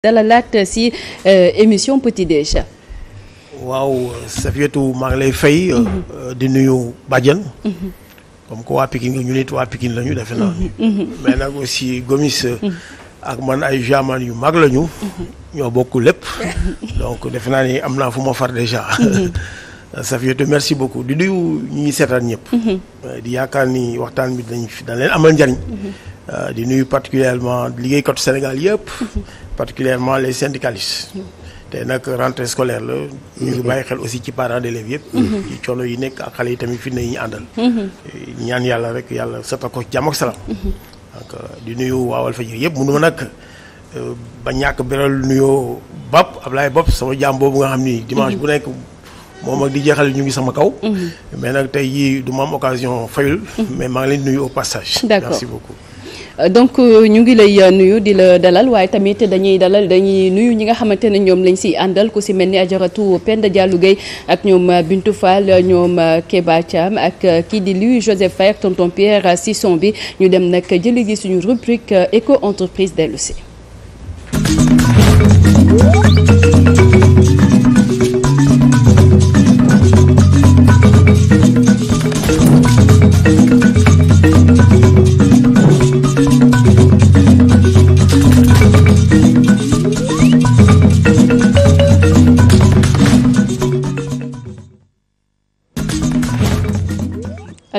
dalalaat si euh, émission Petit Déj. waaw Safietou maa ngi lay fay. Euh, mhm. euh, di nuyu Badiane. Mhm. comme que waa Pikine ñu nit waa Pikine lañu defe naa. Mhm. mais nag aussi Gomis. ak man ay jaman yu mag lañu. ñoo bokk lépp. donc defe naa ni am naa fu ma far déjà. Safietou merci beaucoup di nuyu ñi seetaan ñëpp. di yaakaar ni waxtaan bi dañ fi dañ leen amal njariñ. di nuyu particulièrement liggéeykatu Sénégal yëpp. particulièrement les syndicalistes te nag rentrée scolaire la ñu ngi bàyyi xel aussi ci parents d'élèves yëpp mhm. ci coono yi nekk ak xale yi tamit fitna yi ñu àndal mhm. ñaan yàlla rek yàlla sotta ko jàmm ak salaam mhm. donc di nuyu waawal fajiri yëpp mënu ma nag euh, ba ñàkk beral nuyoo Bap Ablaye bopp sama jaam boobu nga xam ni dimanche bu nekk moom ak di jeexal ñu ngi sama kaw. mais nag tey jii du ma am occasion fayul. mais maa ngi leen nuyu au passage. d'accord donc euh, ñu ngi lay euh, nuyu di la dalal waaye tamit dañuy dalal dañuy nuyu ñi nga xamante ne ñoom lañ si àndal ku si mel ni ajaratu Penda Diallo Gueye ak ñoom euh, bintu Fall ñoom Keba Thiam ak kii di Louis Joseph Faye ak tonton Pierre Sisson bi ñu dem nag jëli gi suñu rubrique éco entreprise dellu si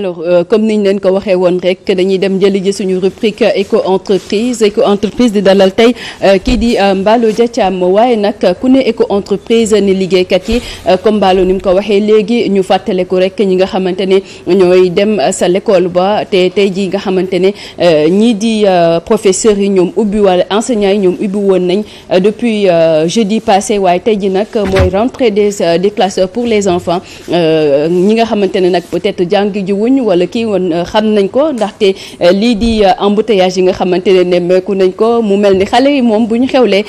alors euh, comme niñ leen ko waxee woon rek dañuy dem jëli ji suñu rubrique éco entreprise éco entreprise di dalal tey euh, kii di euh, Mballo Dia Thiam waaye nag ku ne éco entreprise ni liggéeykat yi comme Mballo ni mu ko waxee léegi ñu ko rek ñi nga xamante ne ñooy dem sa l'école ba te tey ji nga xamante ne ñii di professeurs yi ñoom ubbi wala enseignants yi ñoom ubbi woon nañ depuis jeudi passé waaye tey ji nag mooy rentrée des des classes pour les enfants ñi nga xamante wuñ wala kii woon euh, xam nañ ko ndaxte euh, lii di euh, embouteillage yi nga xamante ne nemmeeku nañ ko mu mel ni xale yi moom bu ñu xewlee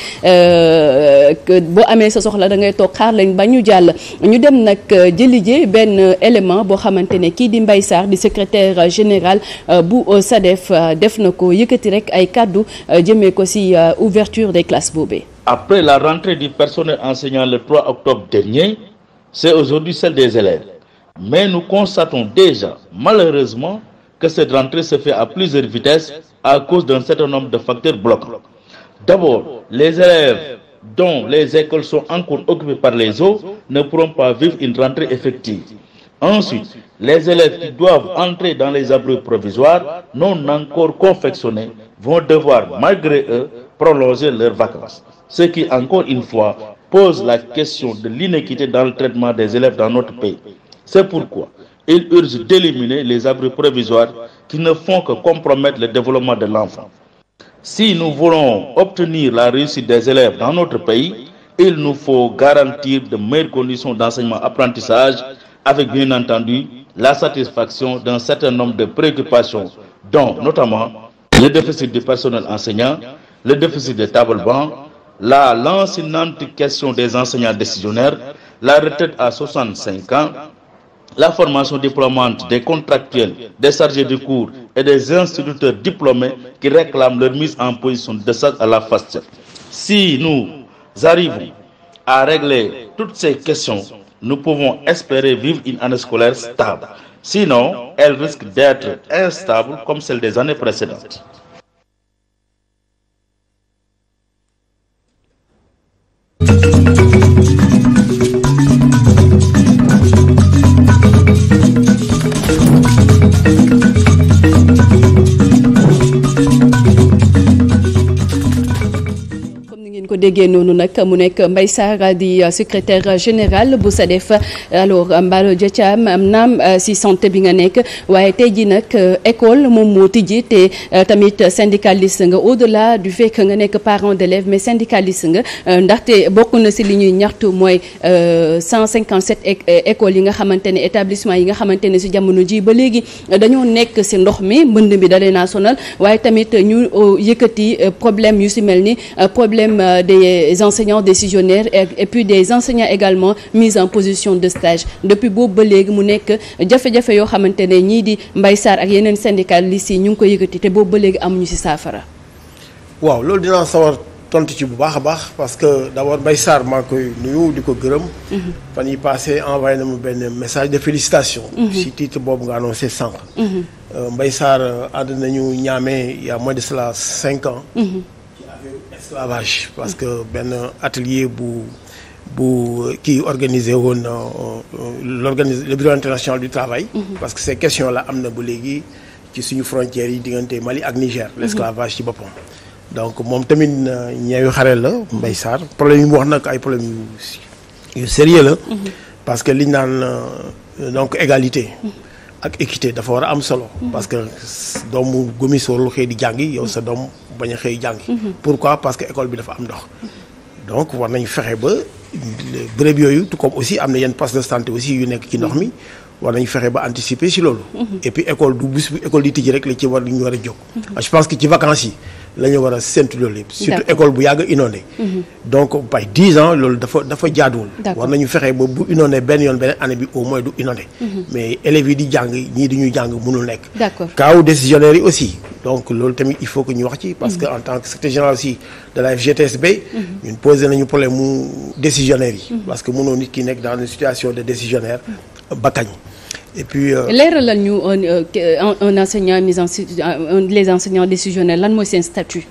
boo amee sa soxla da ngay toog xaar lañ ba ñu jàll ñu dem nag jëli benn élément boo xamante ne kii di mbay Sarr di secretaire général bu SADEF def na ko yëkkati rek ay kàddu jëmee ko ci ouverture des classes boobee. Après la rentrée du personnel enseignant le 3 octobre dernier, c'est aujourd'hui celle des élèves. Mais nous constatons déjà, malheureusement, que cette rentrée se fait à plusieurs vitesses à cause d'un certain nombre de facteurs bloquants. D'abord, les élèves dont les écoles sont encore occupées par les eaux ne pourront pas vivre une rentrée effective. Ensuite, les élèves qui doivent entrer dans les abris provisoires non encore confectionnés vont devoir, malgré eux, prolonger leurs vacances. Ce qui, encore une fois, pose la question de l'inéquité dans le traitement des élèves dans notre C'est pourquoi il urge d'éliminer les abris provisoires qui ne le développement de l'enfant. Si nous voulons obtenir la réussite des élèves dans notre pays, il nous faut garantir de meilleures conditions d'enseignement-apprentissage avec bien entendu la satisfaction d'un certain nombre de préoccupations, dont notamment le déficit du personnel enseignant, le déficit des tables bancs, la lancinante question des enseignants décisionnaires, la retraite à 65 la formation diplômante des contractuels, des chargés de cours et des instituteurs diplômés qui réclament leur mise en position de ça à la FASTEF. Si nous arrivons à régler toutes ces questions, nous pouvons espérer vivre une année scolaire stable. Sinon, elle risque d'être instable comme celle des années précédentes. déggee noonu mu nekk Mbaye Sarr di euh, secrétaire général bu SADEF alors euh, Mballo Dia Thiam am euh, si santé bi nga nekk waaye tey ji nag école moom moo tijji te tamit syndicaliste nga au delà du fait que nga nekk parent d'élève mais syndicaliste nga ndaxte bokk na si li ñuy ñaxtu mooy 157 écoles yi nga xamante ne établissement yi nga xamante ne si jamono ji ba léegi dañoo nekk si ndox mi mbënd mi dalee naa waaye tamit ñu yëkkati problème yu si mel ni problème des des enseignants décisionnaires et, et puis des enseignants également mis en position de stage depuis boobu ba léegi mu nekk jafe-jafe yoo xamante ne ñii di Mbaye Sarr ak yeneen syndicalistes yi ñu ngi ko yëkkati te boobu ba léegi amuñu ci saafara. waaw loolu dinaa sawar tontu ci bu baax a baax parce que d'abord Mbaye Sarr maa koy nuyu di ko gërëm. Mhm. fan yii passé envoyé na mu benn message de félicitation. Mhm. ci titre boobu nga annoncé sànq. Mhm. Euh, Mbaye Sarr euh, ànd nañu ñaamee a moins esclavage parce que benn atelier bu bu kii organisé woon euh, euh, l'organisation le bureau international du travail. Mhm. parce que ces question la am na ba léegi ci suñu frontières yi diggante Mali ak Niger. Mhm. l'esclavage ci boppam. donc moom tamit ñeewu xare la mbay Sarr problème yi mu wax nag ay problème yu sérieux la. Mhm. parce que liñ naan euh, donc égalité. ak équité dafa war a am solo. Mhm. parce que doomu mu warul xëy di jàngi yow sa doom bañ a xëy jàngi. Mhm. pourquoi parce que école bi dafa am ndox. donc war nañu fexe ba bërëb yooyu tout comme aussi am na yenn passe de santé aussi yu nekk ci ndox mi. war nañu fexe ba anticiper si loolu. Mhm. et puis école du bés bu école di tijji rek la ci war li ñu war a jóg. je pense que ci vacances yi. lañu ñu war a séntu loolu surtout école bu yàgg inondé mhm. donc bay dix ans loolu dafa dafa jaaduwul war nañu fexe ba bu inondé benn yoon benn année bi au moins du inondé mhm. mais élèves yi di jàng ñii di ñu jàng mënul nekk kaaw décisionnaire yi aussi donc loolu tamit il faut que ñu wax ci parce que mhm. en tant que secrétaire général aussi de la FGTSB ñun posé nañu problème mu décisionnaire yi parce que mënoo nit ki nekk dans une situation de décisionnaire ba kañ et puis. Euh, leeralal ñu euh, euh, un enseignant mis en les enseignants décisionnaires lan mooy seen statut.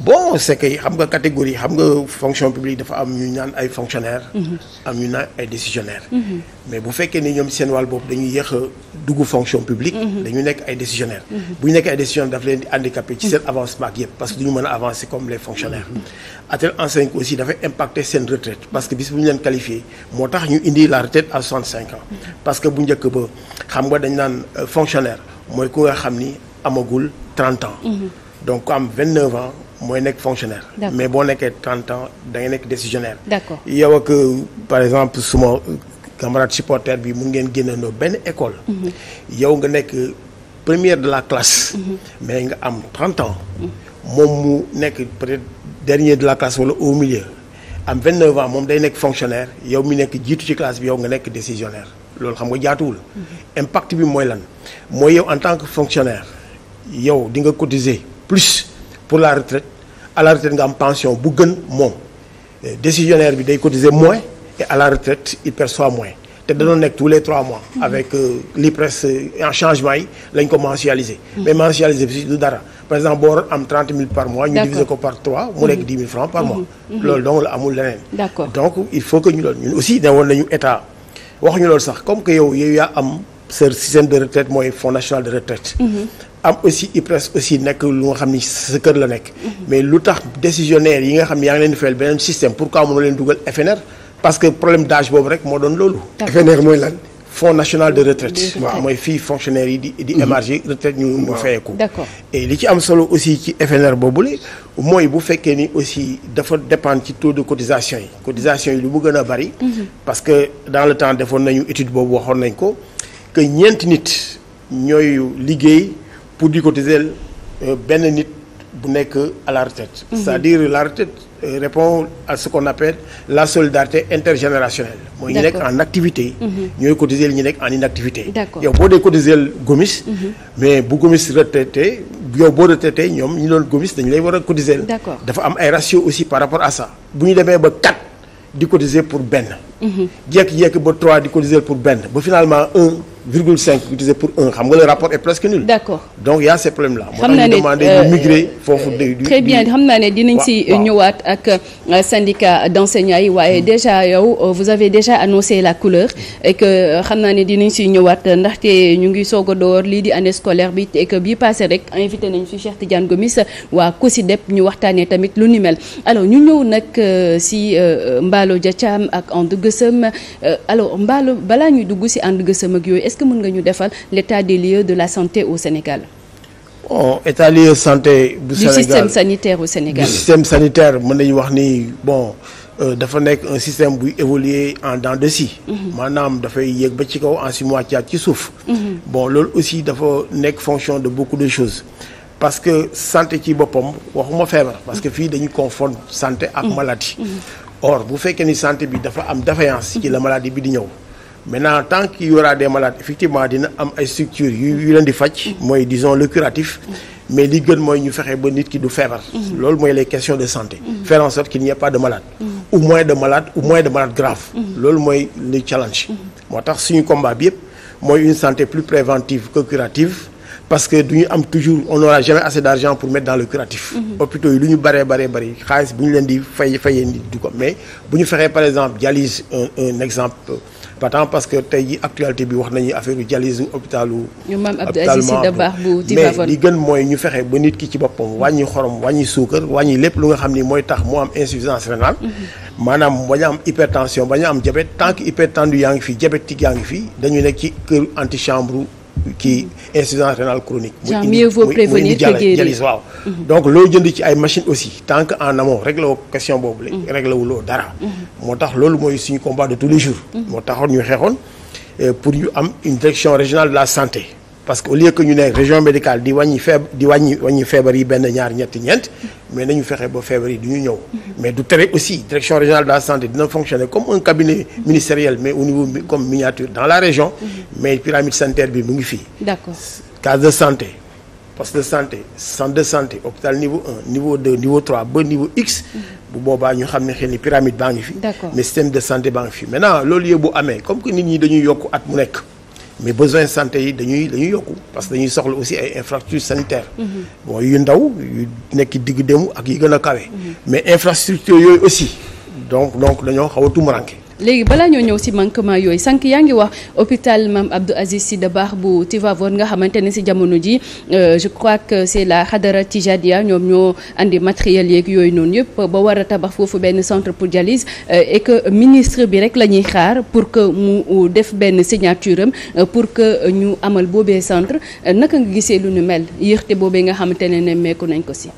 boo c'est que xam nga catégorie xam nga fonction publique dafa am ñu naan ay fonctionnaires. Mhm. am ñu naan ay décisionnaires. Mhm. mais bu fekkee ne ñoom seen wàll boobu dañuy yéex a dugg fonction publique. Mhm. dañu nekk ay décisionnaires. bu ñu nekk ay décisionnaires daf leen di handicapé ci seen avancement ak yëpp parce que du ñu mën a avancer comme les fonctionnaires. à tel enseigne aussi dafay impacter seen retraite parce que bis bu ñu leen qualifié moo tax ñu indi la que bu njëkk ba xam nga dañ naan euh, fonctionnaire mooy ku nga xam ni. amagul trente ans. Mhm. donc ku am vingt neuf ans mooy nekk fonctionnaire. mais boo nekkee trente ans da ngay nekk décisionnaire. d'accord yow ak euh, par exemple suma camarade supporter bi mun ngeen génnandoo benn école. Mhm. yow nga nekk première de la classe. Mhm. mais nga am trente ans. moom mu nekk peut-être dernier de la classe wala au milieu. am 29 ans moom day nekk fonctionnaire yow mi nekk jiitu ci classe bi yow nga nekk décisionnaire loolu xam nga jaatuwul. impact bi mooy lan mooy yow en tant que fonctionnaire. yow di nga cotiser plus pour la retraite à la retraite nga am pension bu gën moom eh, décisionnaire bi day cotiser moins et à la retraite il perçoit moins te danoon nekk tous les trois mois avec euh, l'IPRES euh, en changement yi lañ ko mensualiser mais mensualiser bi si du dara par exemple boo waroon am 30 000 par mois ñu diviser ko par 3 mu nekk 10 000 francs par mois mhm. Mhm. loolu donc la amul leneen donc il faut que ñu loolu ñun aussi da woon nañu état waxuñu sax comme que yow yow yaa am sa système de retraite am aussi IPRES aussi nekk lu nga xam ni sa kër la nekk. mais lu tax décisionnaire yi nga xam ni yaa ngi leen di fayal beneen système pourquoi mënoo leen dugal FNR parce que problème d'âge boobu rek moo doon loolu. FNR mooy lan. fonds national de retraite mooy fii fonctionnaire yi di di mhm. émarger retraite ñu ñu fayeeku et li ci am solo aussi ci FNR boobule mooy bu fekkee ni aussi dafa dépendre ci taux de cotisation yi cotisation yi lu mu gën a bari mhm. parce que dans le temps defoon nañu étude boobu waxoon nañ ko que ñeent nit ñooy liggéey pour di ko diseel euh, benn nit bu nekk à la retraite. Mhm. c'est-à-dire la retraite euh, répond à ce qu'on appelle la solidarité intergénérationnelle. mooy ñu nekk en activité. Mhm. ñooy cotiser ñu nekk en inactivité. yow boo dee cotiser gomis. Mhm. mais bu gomis retraité yow boo retraité ñoom ñu doon gomis dañu lay war a cotiser. dafa am ay ratio aussi par rapport à ça. bu ñu demee ba 4 di cotiser pour benn. jékki-jékki ba 3 di cotiser pour benn ba finalement 1. virgule cinq pour un xam nga le rapport est presque nul. d'accord donc y a ces problèmes là. xam naa ne moo tax euh, ñu foofu. très bien xam naa ne dinañ si ñëwaat ak euh, syndicat d'enseignants yi waaye hmm. déjà yow euh, vous avez déjà annoncé la couleur et xam naa ne dinañ si ñëwaat ndaxte ñu ngi soog a door lii di année scolaire bi et que bii passé rek invité nañ fi Cheikh Tidiane sa waa COSYDEP ñu waxtaanee tamit lu ni mel alors ñu ñëw nag si Mballo Dia Thiam ak And Gueusseum alors Mballo balaa ñuy dugg si And Gueusseum ak yooyu. est-ce que mën nga ñu defal l'état des lieux de la santé au Sénégal. bon état des lieux santé. du Sénégal du système sanitaire mën nañu wax ni bon. Euh, dafa nekk un système buy évoluer en dents de scie mhm. maanaam dafay yëg ba ci kaw en si moitié ci suuf mhm. bon loolu aussi dafa nekk fonction de beaucoup de choses parce que santé ci boppam waxuma feebar parce que fii dañu confondre santé ak mhm. maladie or bu fekkee ni santé bi dafa am défaillance ci la maladie bi di ñëw maintenant tant qu'il y aura des malades effectivement dina am ay structures yu yu leen di faj mooy disons le curatif mais li gën mooy ñu fexe ba nit ki du feebar loolu mooy le question de santé faire en sorte qu'il n'y pas de malade ou moins de malade ou moins de malade grave loolu mooy le challenge moo tax suñu combat bi yëpp mooy une santé plus préventive que curative parce que du ñu am toujours on n'aura jamais assez d'argent pour mettre dans le curatif ñu bëree bëree bëri xaalis bu ñu leen di fay fayee nit du ko mais bu ñu fexee par exemple dialyse un un patent parce que tey ji actualité bi wax nañu affaire u dialyse hôpitalu mais li gën mooy ñu fexe ba nit ki ci boppam wàññi xorom wàññi suukar wàññi lépp lu nga xam ni mooy tax mu am insuffisance rénale mhm. maanaam bañu am hypertension bañu am diabète tant que hypertendu yaa ngi fi diabétique yaa ngi fi dañu nekk ci kër antichambre kii insuffisance rénale chronique. Mhm. donc loo jënd ci ay machine aussi tant que en amont réglé woo question boobu la. Mhm. réglé wuloo dara. Mhm. moo tax loolu mooy suñu combat de tous les jours. moo taxoon ñu xeexoon eh, pour ñu am une régionale de la santé. parce que au lieu que ñu ne région médicale di wàññi feeb di wàññi wàññi feebar yi benn ñaar ñetti ñeent mais nañu fexe ba feebar yi du ñu ñëw mais du tere aussi direction régionale de santé dina fonctionner comme un cabinet ministériel mais au niveau comme miniature dans la région mm-hmm. mais pyramide sanitaire bi mu ngi fii d'accord case de santé poste de santé centre de santé hôpital niveau 1 niveau 2 niveau 3 ba niveau x mm-hmm. bu boobaa ñu xam ne xëy ni pyramide baa ngi fi mais système de santé baa ngi fi amee comme que nit ñi dañuy yokk at mu nekk mais besoin santé yi dañuy dañuy yokk parce que dañuy soxla aussi ay infrastructures sanitaires. bon yu ndaw yu nekk digg dému ak yi gën a kawe. Mhm. mais infrastructure yooyu aussi donc donc dañoo xaw a léegi balaa ñoo ñëw si manquement yooyu sànq yaa ngi wax hôpital Mame Abdou Aziz Sy Dabakh bu Tivaouane nga xamante ne si jamono ji euh, je crois que c'est la Khadara Tijadia ñoom ñoo indi matériel yeeg yooyu noonu yëpp ba war a tabax foofu benn centre pour jalis euh, et que ministre bi rek la ñuy xaar pour que mu def benn signature am euh, pour que ñu amal boobee centre naka nga gisee lu nu mel yéexte boobee nga xamante ne nemmeeku nañ ko si.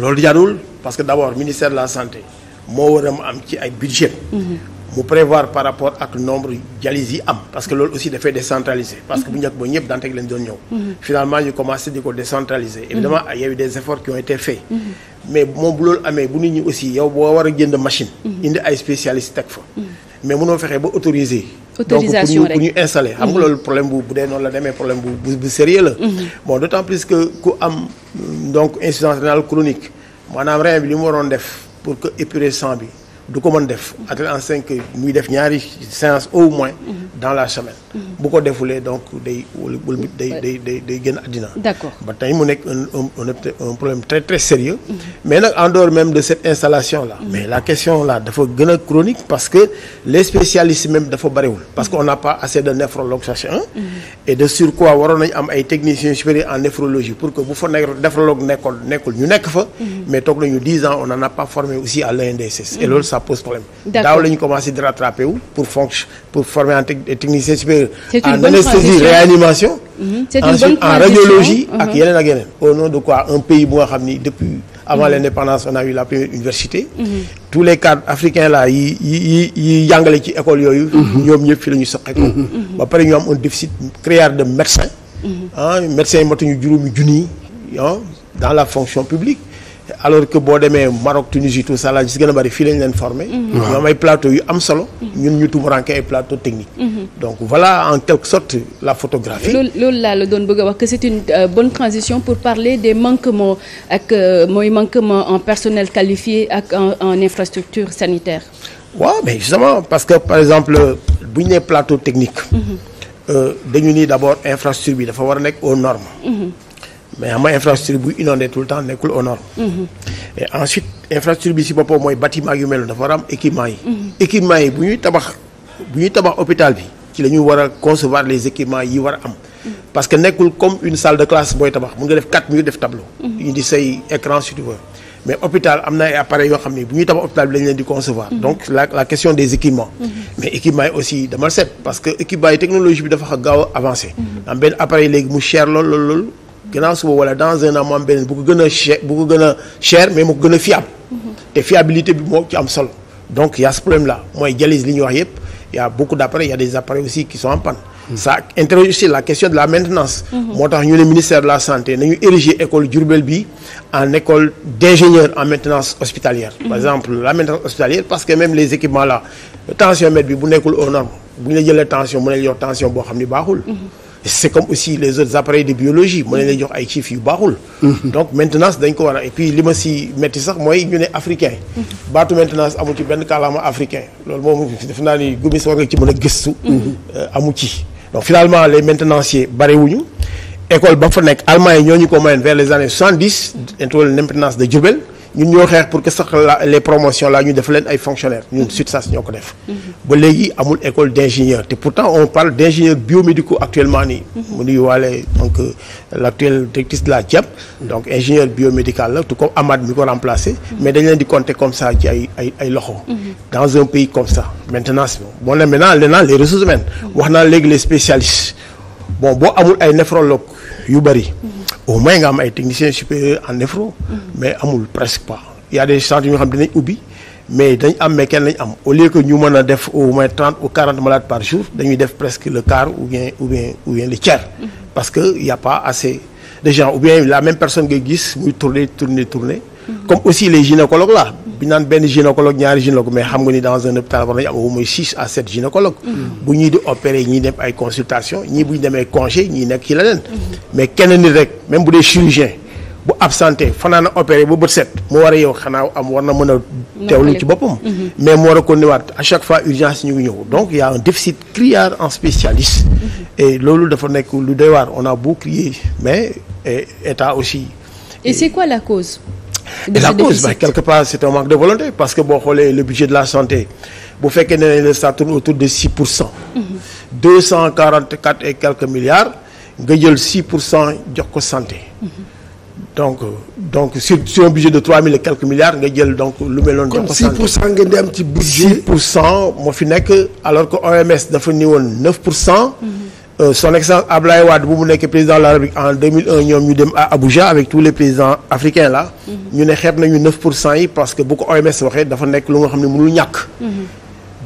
loolu jaaduwul parce que d ministère de la santé moo war a am ci ay budget. Mm-hmm. mu prévoir par rapport ak nombre dialyse yi am parce que loolu aussi dafay décentraliser parce que bu njëkk ba ñëpp daan teg leen doon ñëw finalement ñu commencé di ko décentraliser évidemment il y des efforts qui ont été faits mais moom bu loolu amee bu nit ñi aussi yow boo war a jënd machine indi ay spécialiste teg fa mais mënoo fexe ba autoriser autorisation donc pour ñu installer xam nga loolu problème bu bu dee noonu la demee problème bu bu sérieux la bon d' plus que ku am donc insuffisance du ko man def attel en cinq muy def ñaari séance au moins dans la semaine bu ko defulee donc day wala wala day day day d'accord ba tey mu nekk un problème très très sérieux mais nag en dehors même de cette installation là mais la question là dafa gën a chronique parce que les spécialistes même dafa bariwul parce que on n'a pas assez de néphrologues sachez et de surcroît waroon nañu am ay techniciens supérieurs en néphrologie pour que bu fa nekk néphrologue ça pose problème. daaw la ñu commencé di rattraper wu pour fonction pour former en technicien supérieur. en anesthésie réanimation. en radiologie. ak uh-huh. yeneen ak yeneen. au nom de quoi un pays bu nga xam ni depuis. avant uh-huh. l'indépendance on a eu la première université. Uh-huh. tous les cadres africains là yi yi yi jàngale ci école yooyu. ñoom ñëpp fi la ñu soqee ko. ba ñu am un déficit criard de médecins. ah médecins yi matuñu ah, dans la fonction publique. alors que boo demee Maroc Tunisie tout ça la gis gën a bëri leen formé mhm. ñoo am ay plateau yu am solo mhm. ñun ñu tumuranke ay plateau technique mhm. donc voilà en quelque sorte la photographie loolu laa la doon bëgg a wax que c'est une euh, bonne transition pour parler des manquements ak euh, mooy manquement en personnel qualifié ak en infrastructure sanitaire waaw justement parce que par exemple bu ñu nee plateau technique euh, dañu ni d'abord infrastructure bi dafa war a nekk aux mais ama infrastructure bu inondé tout le temps nekkul aux mhm. ensuite infrastructure bi si boppam mooy bâtiment yu mel dafa war a am équipement yi mhm. équipement yi bu ñuy tabax bu ñuy tabax hôpital bi ci la ñu war a concevoir les équipements yi war a am mhm. parce que nekkul comme une salle de classe booy tabax def quatre murs def tableau ñu di say écran si mais hôpital am na ay appareils yoo xam ne bu ñuy tabax hôpital bi lañ leen di concevoir donc la la question des équipements mais équipement yi aussi dama seet parce que équipement yi technologie a avancé am benn appareil mu cher lool lool loolu gannaaw suba wala dans un an mu am beneen bu ko gën a cher bu ko gën a cher mais mu ko gën a fiable. Mhm. te fiabilité bi moo ci am solo. donc y' a problème là mooy dialyse li ñu wax yëpp y' a beaucoup d' appareils a des appareils aussi qui sont en panne. Mhm. ça interroge la question de la maintenance. Mhm. moo tax ñu ne ministère de la santé nañu ériger école Diourbel bi en école d' ingénieur en maintenance hospitalière. par exemple la maintenance hospitalière parce que même les équipements là tensiomètre bi bu nekkul aux normes bu ñu la jëlee tension boo xam ni baaxul. c'est comme aussi les autres appareils de biologie mën nañ lay jox ay chiffres yu baaxul mhm. donc maintenance dañ ko war a et puis li ma si métti sax mooy ñu ne africain mhm. baatu maintenance amu ci benn kàllaama africain loolu moom def naa ni gumis war nga ci mën a gëstu mhm. euh, amu ci donc finalement les maintenanciers bariwuñu école ba fa nekk allemand yi ñoo ñu ko mayoon vers les années 70 introduit maintenance de Diourbel ñun ñoo xeex pour que sax la les promotions la ñu def leen ay fonctionnaires ñun SUTSAS ñoo ko def. Mhm. ba léegi amul école d' ingénieur te pourtant on parle d' ingénieurs biomédicaux actuellement nii. Mhm. mu nuyuwaale donc euh, l' actuelle directrice de la JEP. Mhm. donc ingénieur biomédical la tout comme Amad mi ko remplacé. mais dañ leen di compter comme ça ci ay ay ay loxo. dans un pays comme ça maintenance bi bon naa maintenant maintenant les ressources humaines. wax naa léegi les spécialistes boo amul ay néphrologue yu bëri. au moins nga am ay techniciens supérieurs en néphro. mais amul presque pas. y a des centres xam dinañ ubbi mais dañ am mais kenn lañ am au lieu que ñu mën a def au moins trente ou quarante malades par jour dañuy def presque le quart ou bien ou le tiers. parce que y a pas assez de gens ou bien la même personne ngay gis muy tourner tourner tourner. comme aussi les gynécologues là. bi naan benn gynécologue ñaari gynécologue mais xam nga ni dans un hôpital war nañu am au moins six à sept gynécologue mm-hmm. bu ñuy di opérer ñi dem ay consultation ñii bu ñu demee congé ñii nekk ci leneen mm-hmm. mais kenn nit rek même bu dee chirurgien bu absenté fanaana a opéré ba bët set mu war a yow xanaa am war na mën a teewlu ci boppam mm-hmm. mais mu war a ko niwaat à chaque fois urgence ñu ngi ñëw donc il y a un déficit criard en spécialiste loolu dafa nekk lu doy waar on a beau crier mais état aussi et et la cause bah, quelque part c'est un que boo xoolee le budget de la bu fekkee ne ne ça tourne autour de 6 pour cent mm-hmm. cent quarante quatre et quelques milliards nga jël 6 pour cent jox ko santé mm-hmm. donc donc sur sur un de 3000 et quelques nga jël donc lu meloon noonu. jox ko santé kon 6 pour cent ngeen di ci budget. 6 pour cent moo fi nekk alors que OMS dafa ni woon pour cent. Mm-hmm. Euh, son excellence Ablaye Wade bu mu nekkee président de la République en ñoom ñu dem à Abuja avec tous les présidents africains là. Mhm. ñu ne xeeb nañu pour cent yi parce que bu ko OMS waxee dafa nekk lu nga xam ne mënul ñàkk. Mhm.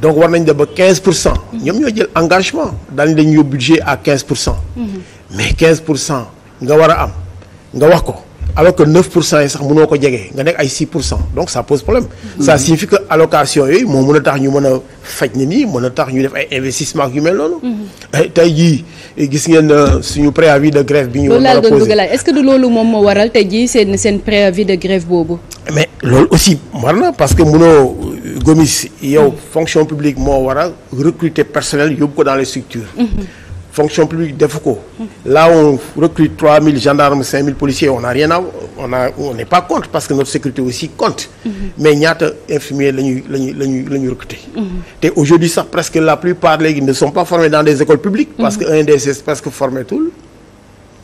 donc war nañ dem ba 15 pour cent. Mhm. ñoom ñoo jël engagement daañu dañu yóbbu budget à 15 pour cent. mais pour cent nga war a am nga wax ko. alors que 9 pour cent yi sax mënoo ko jege nga nekk ay 6 pour cent donc ça pose problème. ça mm-hmm. signifie que allocation yooyu moo mun a tax ñu mën a faj nit ñi mën a tax ñu def ay investissement yu mel noonu. Mm-hmm. Eh, tey jii eh, gis ngeen euh, suñu préavis de grève bi ñu. war a posé est-ce que loolu moom moo waral tey jii seen seen préavis de grève boobu. mais loolu aussi man na parce que munoo gomis yow fonction publique moo war a recruter personnel yóbbu ko dans les structures. Mm-hmm. fonction publique defu ko. là on recrute 3000 gendarmes policiers on a rien a on n'est pas contre parce que notre sécurité aussi compte. Mhm. mais ñaata infirmiers la ñuy la ñuy la ñuy la mhm. te aujourd'hui sax presque la plupart léegi ne sont pas formés dans des écoles publiques. parce que mhm. un des c'est presque formé tout.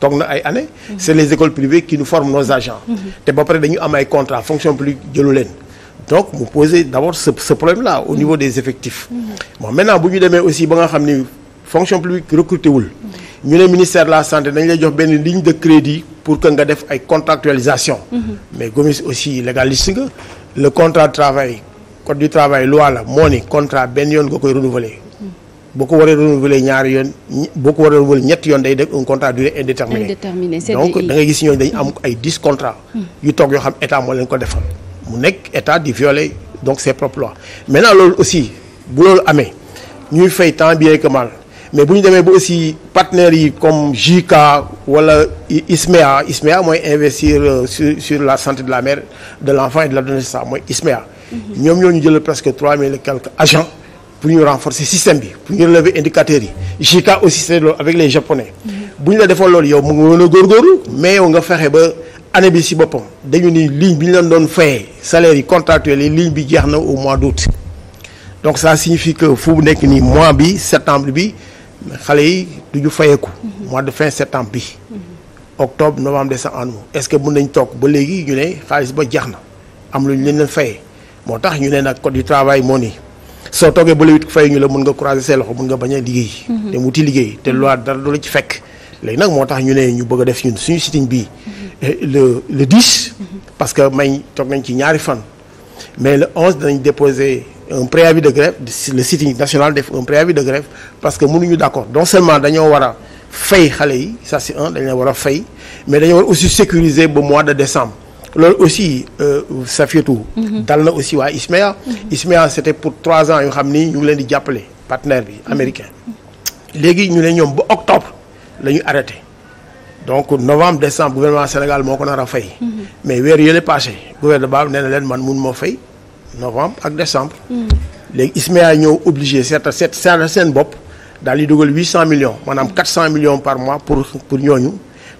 toog na ay années. c'est les écoles privées qui nous forment nos agents. te ba pare dañu am ay contrat fonction publique jëlu donc mu poser d'abord nga xam ni. fonction publique recruté ñu ne ministère la santé dañ lay jox benn ligne de crédit pour que nga def ay contractualisation. Mhm. mais Gomis aussi légaliste nga. le contrat de code du travail loi la moo ni contrat benn yoon nga koy renouveler. Mhm. boo ko waree renouveler ñaari yoon boo ko waree renouveler ñetti yoon day def un contrat durée indéterminée. donc da ngay gis ñooñu dañu am mhm. ay dix yu toog yoo xam état moo leen ko defal. mu nekk état di violer donc ses propres mais bu ñu demee ba aussi partenaires yi comme JK wala ISMEA ISMEA mooy investir euh, sur sur la santé de la mère de l' enfant et de l' adolescent mooy ISMEA. Mhm. ñoom ñoo ñu jël presque trois mille et quelques agents pour ñu renforcer système bi pour ñu relever indicateurs yi JK aussi c' est avec les japonais. Mhm. bu ñu la defoon loolu yow mu ngi mën a góorgóorlu mais yow nga fexe ba. anne bi ci boppam dañu ni ligne bi ñu leen doon fayee salaire yi contractuel yi ligne bi jeex na mois d' août donc ça signifie que fu nekk nii mois bi septembre bi xale yi du ñu fayeeku. mois de fin septembre bi. octobre novembre décembre en est-ce que mën nañ toog ba léegi ñu ne xaalis ba jeex na am lu ñu leen leen fayee moo tax ñu ne nag code du travail moo nii soo toogee ba léegi fay ñu la mën nga croiser say loxo mën nga bañ a liggéey. Mhm. te wuti liggéey te loi dara du la ci fekk léegi nag moo tax ñu ne ñu bëgg a def ñun suñu sitting bii mhm. eh, le le 10. Mhm. parce que may toog nañ ci ñaari fan mais le onze danañ déposer. un préavis de grève le sitting national def un préavis de grève parce que mënuñu d'accord non seulement dañoo war a fay xale yi ça c'est un dañoo war a fay mais dañoo war aussi sécuriser ba mois de décembre loolu aussi Safiatou euh, mhm. dal na aussi waa ISMEA mhm. ISMEA c'était pour trois ans yoo xam ni ñu ngi leen di jàppale partenaire bi mhm. américain léegi ñu ne ñoom ba octobre la ñu arrêté donc novembre décembre gouvernement Sénégal moo ko nar a fay mais weer yële passé gouvernement bi nee leen man mun moo fay novembre ak décembre. Hmm. léegi ISMEA ñëw obligé seet seet seet seen bopp daal di dugal huit cent million maanaam quatre cent millions par mois pour pour ñooñu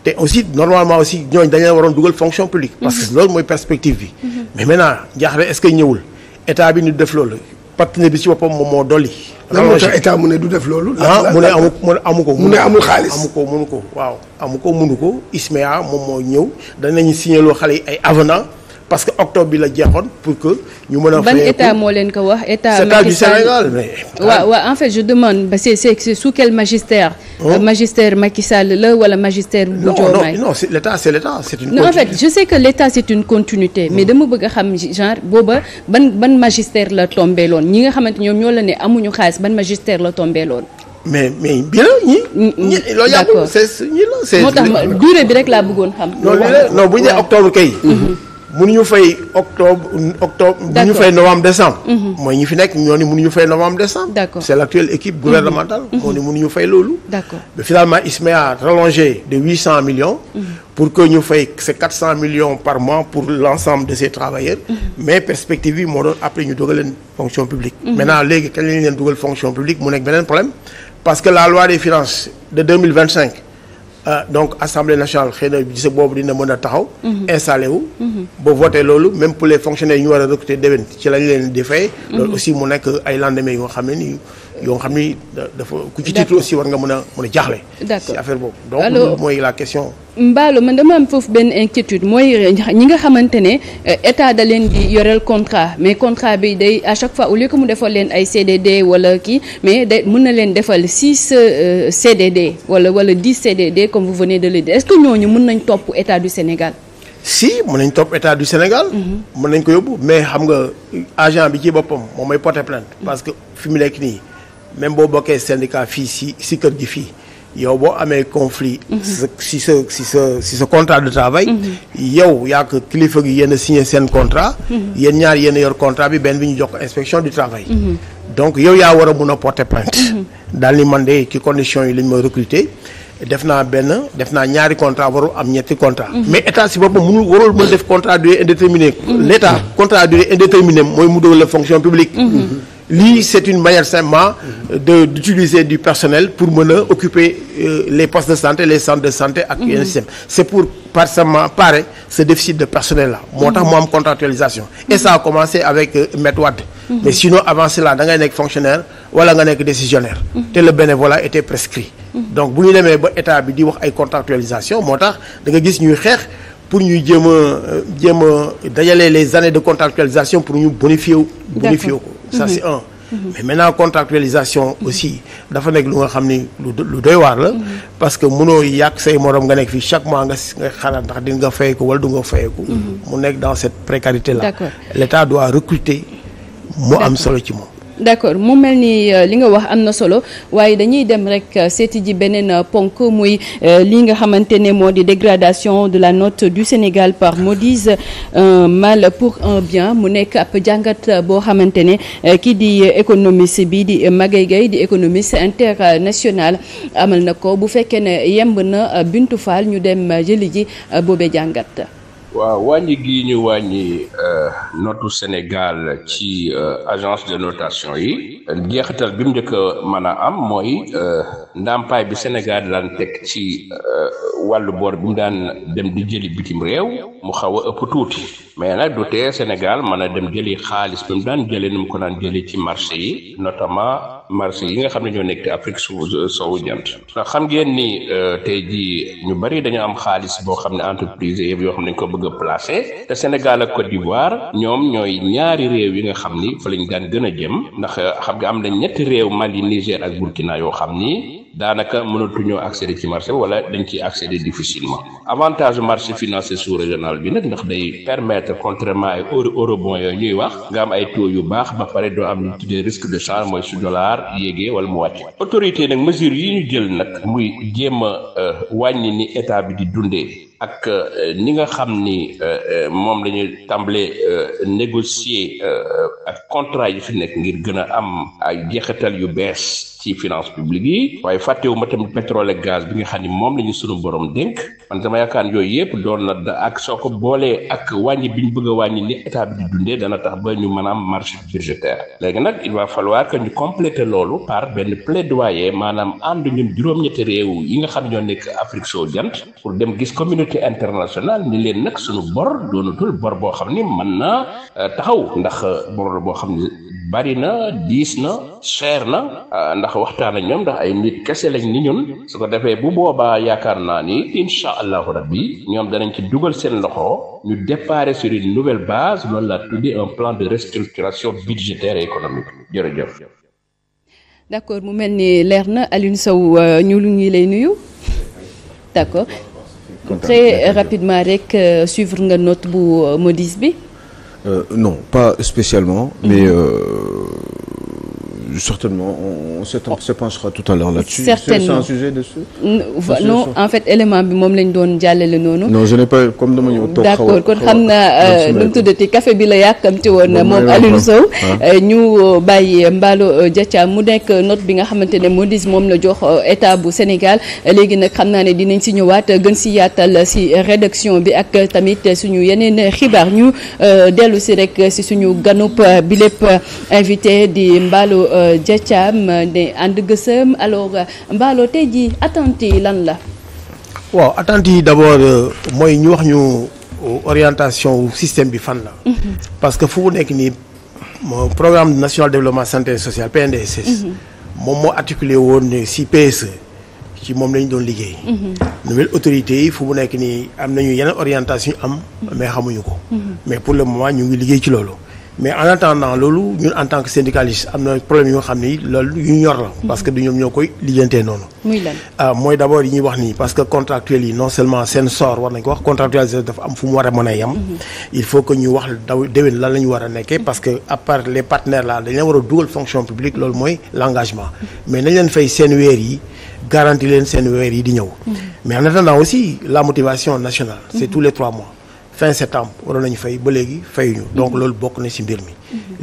te aussi normalement aussi ñooñu dañu waroon dugal fonction publique. parce que hmm. loolu mooy perspective bi. Hmm. mais maintenant jaaxle est-ce que ñëwul état bi ñu def loolu. partenaire bi ci boppam moom moo dolli. lan moo tax état mu ne du def loolu. ah mu ne amu mu amu ko. mu ne amul xaalis amu ko mënu ko waaw. amu ko mënu ko ISMEA moom moo ñëw danañu signé loo xale yi ay avenant parce que octobre bi la jeexoon pour que ñu mën a. ban état moo leen ko wax état. état du Sénégal ah. en fait je demande c' est quel magistère. Oh. Euh, magistère Macky Sall la wala magistère. bu Diomaye non non c' est l' état c' est l' état une. continuité. mais hmm. dama bëgg xam genre booba ban ban magistère la tombé loon ñi nga xamante ñoom ñoo la ne amuñu xaalis ban magistère la tombé loon. mais mais bien ñi. Hmm, hmm. ñi loolu yàggul moo tax durée bi rek laa bëggoon xam. non bu ñu nee octobre mënuñu fay octobre octobre. mënuñu fay novembre décembre. Mhm. mooy ñi fi nekk ñoo ni mënuñu fay novembre décembre. c'est l'actuelle équipe gouvernementale. Mhm. moo ni mënuñu fay loolu. d'accord mais finalement ISMEA a rallongé de huit cent millions. Mhm. pour que ñu fay ces quatre cent millions par mois pour l'ensemble de ces travailleurs. mais perspective yi moo doon après ñu dugal leen fonction publique. maintenant léegi kañ lañ leen dugal fonction publique vingt cinq Euh, donc assemblée nationale xëy na gise boobu dina mën a taxaw. Mhm. installé wu. Mhm. ba voté loolu même pour les fonctionnaires yi ñu war a recruter déwén ci lañ leen di fay. Mhm. loolu aussi mu nekk ay lendemain yoo xam ne nii. yoo xam ni dafa ku ci titre aussi war nga mën a mën a jaaxle. d'accord ci affaire boobu. donc la question. Mballo man dama am foofu benn inquiétude mooy ñi nga xamante ne euh, état da leen di yoreel contrat mais contrat bi day à chaque fois au lieu mu defal leen ay CDD wala kii mais day mën na leen defal six euh, CDD wala wala dix CDD comme vous venez de le dire est-ce que ñooñu mën nañ topp état du Sénégal. si mën nañ topp état du Sénégal. Mhm. mën nañ ko yóbbu mais xam nga agent bi ci boppam moom mooy mhm. que fi mu nekk nii. même boo bokkee syndicat fii si si kër gi fii yow boo amee conflit mhm. si sa si sa si sa contrat de travail mhm. yow yaa ko kilifa gi yéen a seen contrat mhm. yéen ñaar yéen yor contrat bi benn bi ñu jox ko inspection du travail donc yow yaa war a mun a porter plainte daal ni man de ci conditions yi lañ ma recruter def naa benn def naa ñaari contrat warul am ñetti contrat mhm. mais état si boppam mënul warul mën def contrat à durée indéterminée mhm. l' état contrat à indéterminée mooy mu dogal la fonction publique mhm. li c' est une manière simplement de d' du personnel pour mën a occuper euh, les postes de santé les centres de santé ak yenn système c' est pour par simplement parer ce déficit de personnel là moo tax mu am contractualisation et ça a commencé avec euh, Maître Wade mais sinon avance cela da ngay nekk fonctionnaire wala nga nekk décisionnaire te le bénévolat était prescrit donc bu ñu demee ba état bi di wax ay contractualisation moo tax danga gis ñuy xeex pour ñu jéem a euh, jéem a dajale les années de contractualisation pour ñu bonifier wu. bonifier ko ça mhm. c'est un. Mhm. mais maintenant contractualisation mhm. aussi dafa nekk lu nga xam ni lu doy waar la parce que munoo yàq say morom nga nekk fii chaque mois nga nga ndax di nga fay ko wala du nga fay ko mu nekk dans cette précarité là l'état doit recruter mu am solo ci moom d'accord mu mel ni euh, li nga wax am na solo waaye dañuy dem rek euh, seeti ji beneen euh, ponk muy li nga xamante ne moo di dégradation de la note du Sénégal par Moody's un mal pour un bien mu nekk ab jàngat boo xamante ne kii di économiste bi di Magaye Gaye di économiste international amal na ko bu fekkee ne yemb na Bintu Fall ñu dem jëli ji boobe jàngat. waaw wàññi gi ñu wàññi euh, notu Sénégal ci euh, agence de notation yi jeexital bi njëkk a mën a am mooy euh, ndàmpaay bi Sénégal daan teg ci wàllu boor bi mu daan dem di jëli bitim réew mu xaw a ëpp tuuti mais nag du te Sénégal mën a dem jëli xaalis bi mu daan jëlee ni mu ko daan jëlee ci marché yi notamment marché yi nga xam ne ñoo nekk Afrique sou sowu jant ndax xam ngeen ni euh, tey jii ñu bari dañu am xaalis boo xam ne entreprise yëpp yoo xam ne dañ ko bëgg a placé te Sénégal ak Côte d'Ivoire ñoom ñooy ñaari réew yi nga xam ni fa lañ daan gën a jëm ndax euh, xam nga am na ñetti réew Mali Niger ak Burkina yoo xam nii daanaka mënatuñoo accéder ci marché wala dañ ciy accéder difficilement avantage marché financier sous régional bi nag ndax day permettre contrairement ay euro bon yooyu ñuy wax nga am ay taux yu baax ba pare doo am lu ñu risque de change mooy su dollar yéegee wala mu wàcce autorité nag mesure yi ñu jël nag muy jéem a euh, wàññi ni état bi di dundee ak euh, ni nga xam ni euh, euh, moom la ñuy tàmbalee négocier ak contrat yi fi nekk ngir gën a am ay jeexital yu bees ci finance publique yi waaye fàttewu ma tamit pétrole ak gaz bi nga xam ni moom la ñu sunu borom dénk man dama yaakaar yooyu yëpp doon na da ak soo ko boolee ak wàññi bi ñu bëgg a wàññi ni état bi di dundee dana tax ba ñu mën a am marché budgétaire léegi nag il va falloir que ñu compléter loolu par benn plaidoyer maanaam ànd ñun juróom-ñetti réew yi nga xam ñoo nekk Afrique soo communauté internationale ni leen nag suñu bor doonatul bor boo xam ni mën na euh, taxaw ndax euh, bor boo xam ni bari na diis na cher na euh, ndax waxtaan ak ñoom ndax ay nit kese ni ñun su ko defee bu boobaa yaakaar naa ni incha allahu rabbi ñoom danañ ci dugal seen loxo ñu déparé sur une nouvelle base loolu laa tuddee un plan de restructuration budgétaire et économique jërëjëf. d' accord mu mel ni leer na Alioune Sow ñu ngi lay nuyu d' très rapidement rek euh, suivre nga note bu euh, Modis bi euh, non pas spécialement mais mhm. certainement on se se penchera tout à l'heure là-dessus. certainement c'est en fait élément bi moom lañ doon jàllale noonu. non je kon xam naa euh, nu mu tuddati café bi la yàkkamte woon moom Alioune Sow. Euh, ñu bàyyi Mballo euh, Diatia mu nekk not bi nga xamante ne Moody's moom la jox état bu Sénégal léegi nag xam naa ne dinañ si ñëwaat gën si yaatal si rédaction bi ak tamit suñu yeneen xibaar ñu dellu si rek si suñu ganup bi lépp invité di Mballo. Euh, Dia Thiam euh, ne ànd gësëm alors euh, Mballo tey ji attentes yi lan la. waaw attentes yi d' abord mooy ñu wax ñu orientation système bi fan la. Mhm. parce que fu mu nekk nii programme national développement santé sociale PNDSS. Mhm. moom moo articulé woon si PSE. ci moom lañu doon liggéey. Mhm. nouvelle autorité yi fu mu nekk nii am nañu yeneen orientation am. mais xamuñu ko. mais pour le moment ñu ngi liggéey ci loolu. mais en attendant loolu ñun en tant que syndicaliste am na problème yoo xam ni loolu yu ñor la. parce que du ñoom ñoo koy lijjantee noonu. muy lan ah mooy d' yi ñuy wax nii parce que contractuel yi non seulement seen sort war nañ ko wax contractuel dafa am fu mu war a mën a yem. Mm-hmm. il faut que ñu wax daw la ñu war a nekkee parce que à part les partenaires là dañ leen war a dugal fonction publique loolu mooy l' engagement. Mm-hmm. mais nañ leen fay seen weer yi garanti leen seen weer yi di ñëw. Mm-hmm. mais en attendant aussi la motivation nationale. fin septembre waroon nañu fay ba léegi fayuñu donc mhm. loolu bokk na ci mbir mi.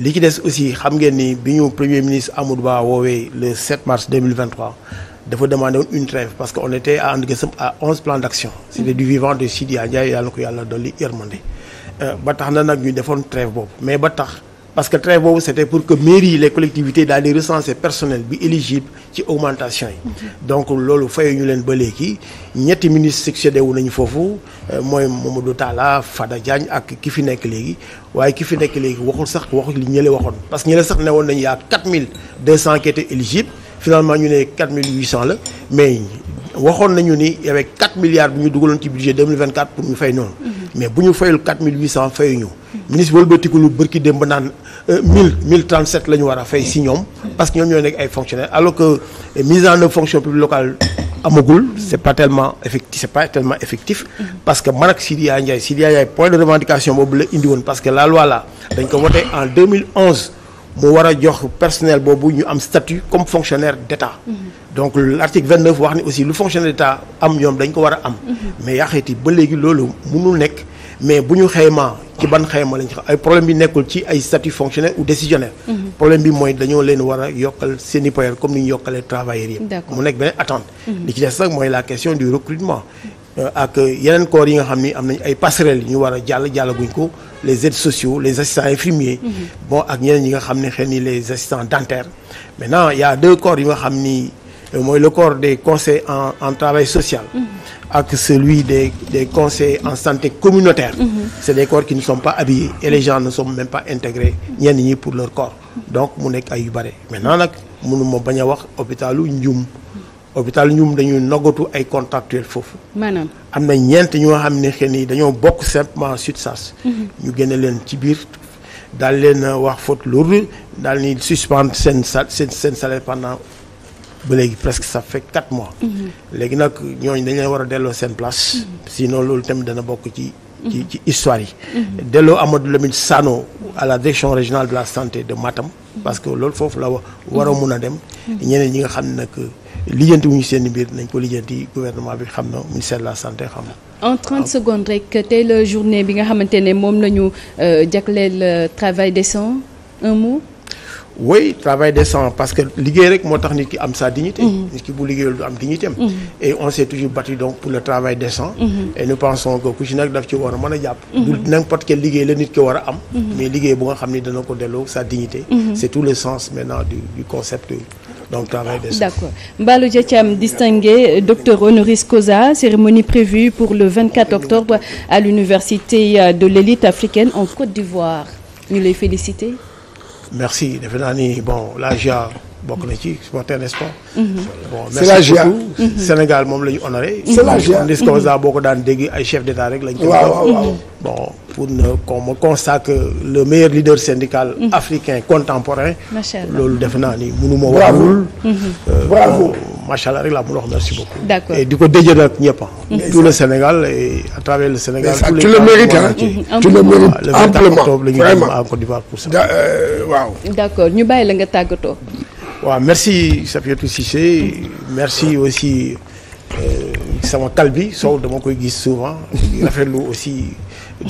li ci des aussi xam ngeen ni bi ñu premier ministre Amadou Ba woowee le 7 mars de dafa demandé woon une trêve parce que on était à And Gueusseum à onze plans d' action. c'était du vivant de Sidya Ndiaye yàlla na ko yàlla dolli yërmande euh, ba tax na nag ñu defoon trêve boobu mais ba tax. parce que trêve boobu c'était pour que mairie yi les collectivités daal di recenser personnel bi éligible ci augmentation yi mhm. donc loolu fayuñu leen ba léegi ñetti ministres succédé wu nañu foofu euh, mooy Mamadou Talla Fada Diagne ak ki fi nekk léegi waaye ki fi nekk léegi waxul sax waxul li ñële waxoon parce que ñële sax ne woon nañu yaa 4200 qui étaient éligibles finalement ñu ne 4800 la mais waxoon nañu ni y avait milliards bu ñu dugaloon ci budget pour ñu fay noonu mhm. mais mille mille trente sept la ñu war a fay si ñoom parce que ñoom ñoo nekk ay fonctionnaires alors que euh, mise en œuvre fonction publique locale amagul c' est pas tellement effectif c' est pas tellement effectif parce que man ak Sidiya Ndiaye Sidiya Ndiaye point de revendication boobu la indiwoon woon parce que la loi là dañ ko voté en 2011 mu war a jox personnel boobu ñu am statut comme fonctionnaire d' état donc l' article 29 wax ni aussi lu fonctionnaire d' état am ñoom dañ ko war a am mm-hmm. mais yaa xeeti ba léegi loolu mënul nekk mais bu ñu xaymaa ci ban xayma lañ xam ay problème bi nekkul ci ay statut fonctionnaire ou décisionnaire. Mhm. problème bi mooy dañoo leen war a yokkal seen i payeur comme ni ñu yokkalee travailleurs yi. mu nekk beneen attente. Mhm. li ci des nag mooy la question du recrutement. Euh, ak yeneen corps yi nga xam ni am nañ ay passerelles yi ñu war a jàll jàllaguñ ko les aides sociaux les assistants infirmiers. Mhm. bon ak ñeneen yi nga xam ne xëy ni les assistants dentaires. maintenant il y a deux corps xam ni. Euh, mooy le corps des conseils en en travail social. Mm-hmm. ak celui des des conseils en santé communautaire. Mm-hmm. c'est des corps qui ne sont pas habillés et les gens ne sont même pas intégrés ñenn ñi pour leur corps. donc mu nekk ay yu bare maintenant nag mënu ma bañ a wax hôpitalu Ndioum. hôpital ñum dañuy noggatu ay contractuel foofu. maanaam am na ñeent ñoo xam ne xëy ni dañoo bokk simplement SUTSAS. Mm-hmm. ñu génne leen ci biir daal leen wax faute lourde daal ni suspendre seen sa seen seen salaire pendant. ba léegi presque ça fait 4 mois. Mhm. léegi nag ñooñu dañ leen war a delloo seen place. Mhm. sinon loolu tamit dana bokk ci. ci mhm. ci histoire yi. delloo Amadou Lamine Sano à la direction régionale de la santé de Matam. parce que loolu foofu la war a mun a dem. ñeneen ñi nga xam ne nag lijjanti wuñu seen mbir nañ ko lijjanti gouvernement bi xam na ministère de la santé xam na. en 30 secondes rek tey la journée bi nga xamante ne moom la ñu euh, jagleel euh, travail décent un mot. oui travail décent parce que liggéey rek moo tax nit ki am sa dignité mhm. nit ki bu liggéeyul du am dignité mhm. et on s'est toujours battu donc pour le travail décent mhm. et nous pensons que ku ci ci war a mën a jàpp du n'importe quel la nit ki war am mais liggéey bu nga xam ni dana ko delloo sa dignité c'est tout le sens maintenant du du concept donc travail décent d'accord Mballo distingué docteur honoris causa cérémonie prévue pour le octobre à l'université euh, merci defe naa ni bon la GIA bokk na ci supporter n'est-ce pas. Mm-hmm. bon mm-hmm. Sénégal moom la ñu honoré. c'est la GIA comme mm-hmm. boo ko daan dégg ay chef d'état rek lañ. waaw waaw pour ne qu'on me le meilleur leader syndical. africain contemporain. macha allah loolu defe naa ni mënu ma warul. bravo. macha allah rek laa mun a wax merci beaucoup. d'accord di ko déjee nag ñëpp ah. tout le Sénégal et à le Sénégal. tous le mérites hein mm-hmm. le mérites amplement le 28 en Côte d'Ivoire pour ça. Euh, waaw. d'accord ñu bàyyi la nga tàggatoo. waaw merci Safiatou Cissé merci aussi euh, sama tal bi Sow dama koy gis souvent rafetlu aussi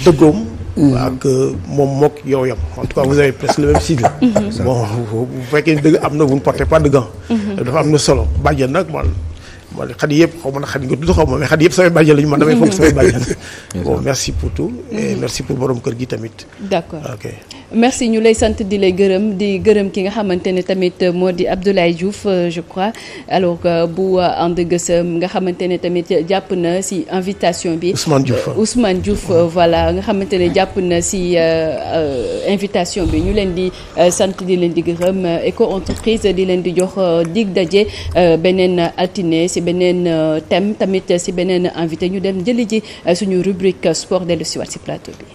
dëggoom. ak moom mook yow yam en tout cas vous avez presque le même sigle. Mhm. bon bu fekkee dëgg am na vous ne portez pas de gants. Mhm. dafa am na solo bàjjen nag man. man xat yëpp xaw ma na xat nga tudd xaw mhm. kër gi tamit d'accord ok merci ñu lay sant di lay gërëm di gërëm ki nga xamante ne tamit moo di Abdoulaye Diouf euh, je crois alors euh, bu euh, ànd gësëm nga xamante ne tamit jàpp na si invitation bi Ousmane Diouf Ousmane Diouf voilà nga xamante ne jàpp na si invitation bi ñu leen di sant di leen di gërëm éco entreprise di leen di jox dig daje beneen altine beneen euh, thème tamit si beneen invité ñu dem jëli ji euh, suñu rubrique sport dellu si waat si plateau bi.